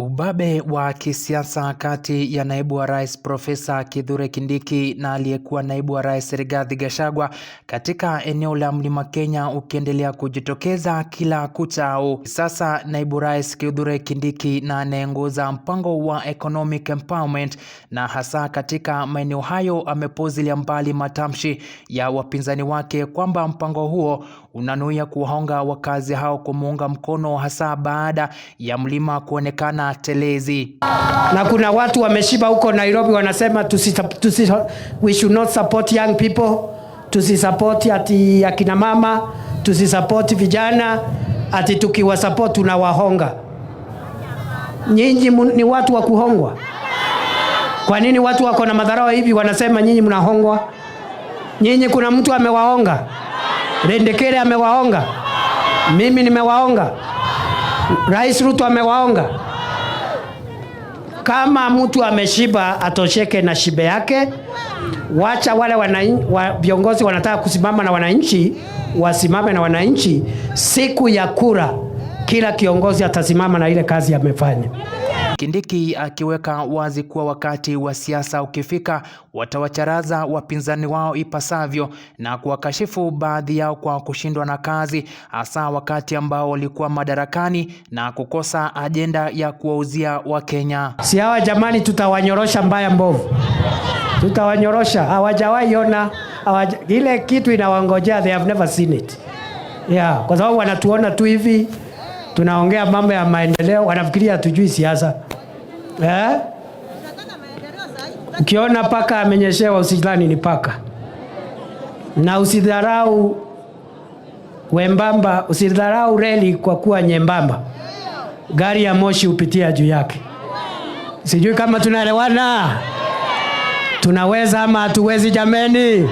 Ubabe wa kisiasa kati ya naibu wa rais Profesa Kithure Kindiki na aliyekuwa naibu wa rais Rigathi Gachagua katika eneo la Mlima Kenya ukiendelea kujitokeza kila kuchao. Sasa naibu rais Kithure Kindiki na anayeongoza mpango wa economic empowerment na hasa katika maeneo hayo amepuuzilia mbali matamshi ya wapinzani wake kwamba mpango huo unanuia kuwahonga wakazi hao kumuunga mkono, hasa baada ya mlima kuonekana telezi. Na kuna watu wameshiba huko Nairobi wanasema tusita, tusita, we should not support young people, tusisapoti ati akina mama, tusisapoti vijana ati tukiwasapoti tunawahonga. Nyinyi ni watu wa kuhongwa. Kwa nini watu wako na madharau hivi wanasema nyinyi mnahongwa? Nyinyi kuna mtu amewaonga Rendekele amewaonga, mimi nimewaonga, Rais Ruto amewaonga. Kama mtu ameshiba atosheke na shibe yake. Wacha wale viongozi wanataka kusimama na wananchi wasimame na wananchi. Siku ya kura, kila kiongozi atasimama na ile kazi amefanya. Kindiki akiweka wazi kuwa wakati wa siasa ukifika watawacharaza wapinzani wao ipasavyo na kuwakashifu baadhi yao kwa kushindwa na kazi, hasa wakati ambao walikuwa madarakani na kukosa ajenda ya kuwauzia Wakenya. Si hawa jamani, tutawanyorosha mbaya mbovu, tutawanyorosha. Hawajawahi ona hawaja, ile kitu inawangojea, they have never seen it yeah, kwa sababu wanatuona tu hivi tunaongea mambo ya maendeleo, wanafikiria hatujui siasa eh? Ukiona paka amenyeshewa usidhani ni paka, na usidharau wembamba, usidharau reli kwa kuwa nyembamba. Gari ya moshi hupitia juu yake. Sijui kama tunaelewana, tunaweza ama hatuwezi? Jameni.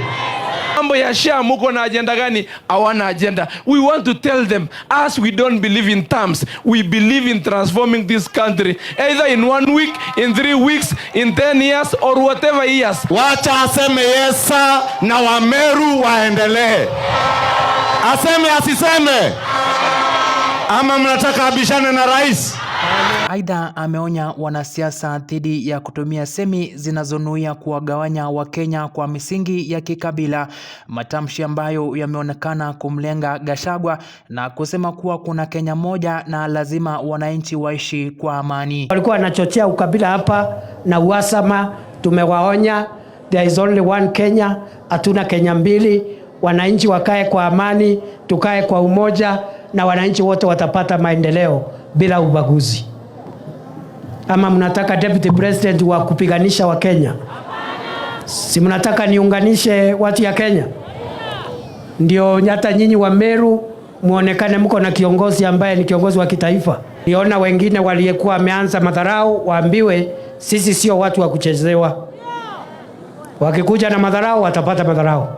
Mambo ya sha muko na agenda gani? Hawana agenda. We want to tell them as we don't believe in terms, we believe in transforming this country either in one week, in three weeks, in 10 years or whatever years. Wacha aseme yesa na Wameru waendelee. Aseme asiseme. Ama mnataka abishane na rais? Aidha, ameonya wanasiasa dhidi ya kutumia semi zinazonuia kuwagawanya Wakenya kwa misingi ya kikabila, matamshi ambayo yameonekana kumlenga Gachagua na kusema kuwa kuna Kenya moja na lazima wananchi waishi kwa amani. Walikuwa wanachochea ukabila hapa na uhasama, tumewaonya. There is only one Kenya, hatuna Kenya mbili. Wananchi wakae kwa amani, tukae kwa umoja na wananchi wote watapata maendeleo bila ubaguzi. Ama mnataka deputy president wa kupiganisha wa Kenya? Si mnataka niunganishe watu ya Kenya? Ndio hata nyinyi wa Meru muonekane mko na kiongozi ambaye ni kiongozi wa kitaifa. Niona wengine waliyekuwa wameanza madharau waambiwe sisi sio watu wa kuchezewa. Wakikuja na madharau watapata madharau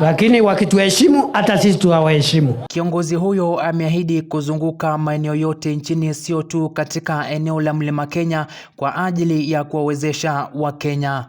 lakini wakituheshimu hata sisi tuwaheshimu. Kiongozi huyo ameahidi kuzunguka maeneo yote nchini, sio tu katika eneo la Mlima Kenya kwa ajili ya kuwawezesha Wakenya.